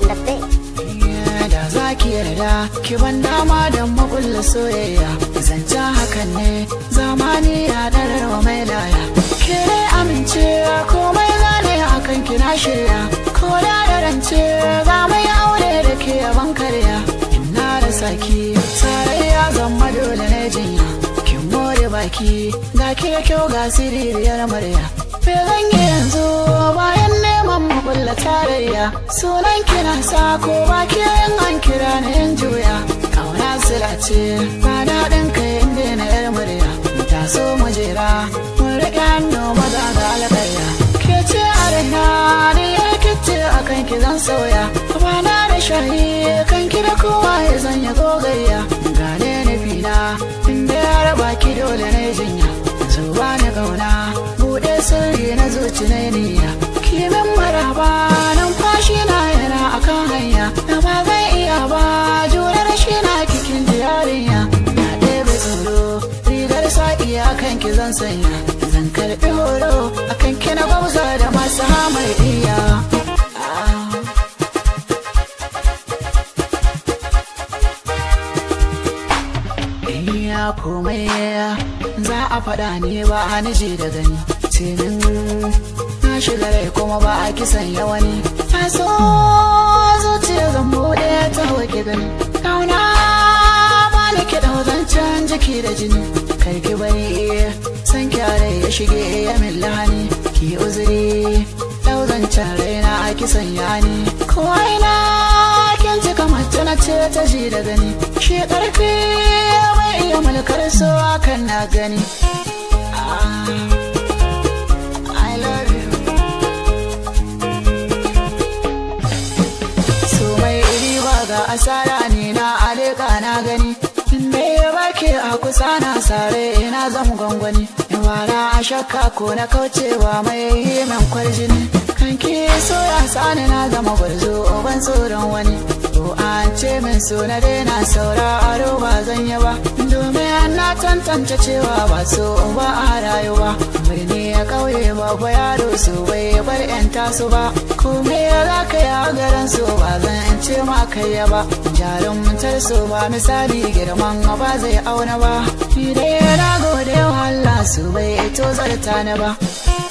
lallabe da za ki yarda ki ban dama don makulla soyayya zancen hakan ne zamani ya dararwa mai laya ke amincewa komai zane hakan kina shirya ko da rance za mai aure da ke yaban karya ina da saki sarayya zama dole ne jinya kin more baki da ke kyau ga siririyar murya me zan yanzu bayan zaman mu bulla tarayya sunan na sa ko ba an kira na yan juya kauna sila ce ba daɗin kai inda na yar murya mu so mu jera mun riƙe hannu maza da alƙarya ke ce a raina ni ya kice a kan ki zan sauya bana da shahi kan ki da kowa ya zan ya gogayya gane ni fina inda ya raba ki dole na jinya so ni kauna buɗe sirri na zuci na niyya zan sanya zan karɓi horo akan kina gwamza da masu hamar iya iya komai za a faɗa ne ba a nije da gani tinin na shiga rai kuma ba a kisan yawa ne a so zuciya zan buɗe ta wake gani kauna ba na kiɗa can jiki da jini karki bari iya ya shige ya min lahani ki uzuri ɗauzan can raina a kisan yani ni kowa ina kin ji kamar na ce ta ji da gani shi karfi mai iya mulkar so kan na gani ah, asara ne na aleka na gani me ya bake a kusa na sare ina zan gwangwani bara a shakka ko na kaucewa mai min kwarjin kan ke so ya sani na zama gwarzo ban tsoron wani Ko an ce min so na daina saura aro ba zan yi ba domin na tantance cewa ba so ba a rayuwa birni ya kauye ba ba yaro su bai bar yan taso ba komai ya za ka yi a garin so ba zan ce ma kai ba jarumtar so ba misali girman ba zai auna ba su bai ito zarta na ba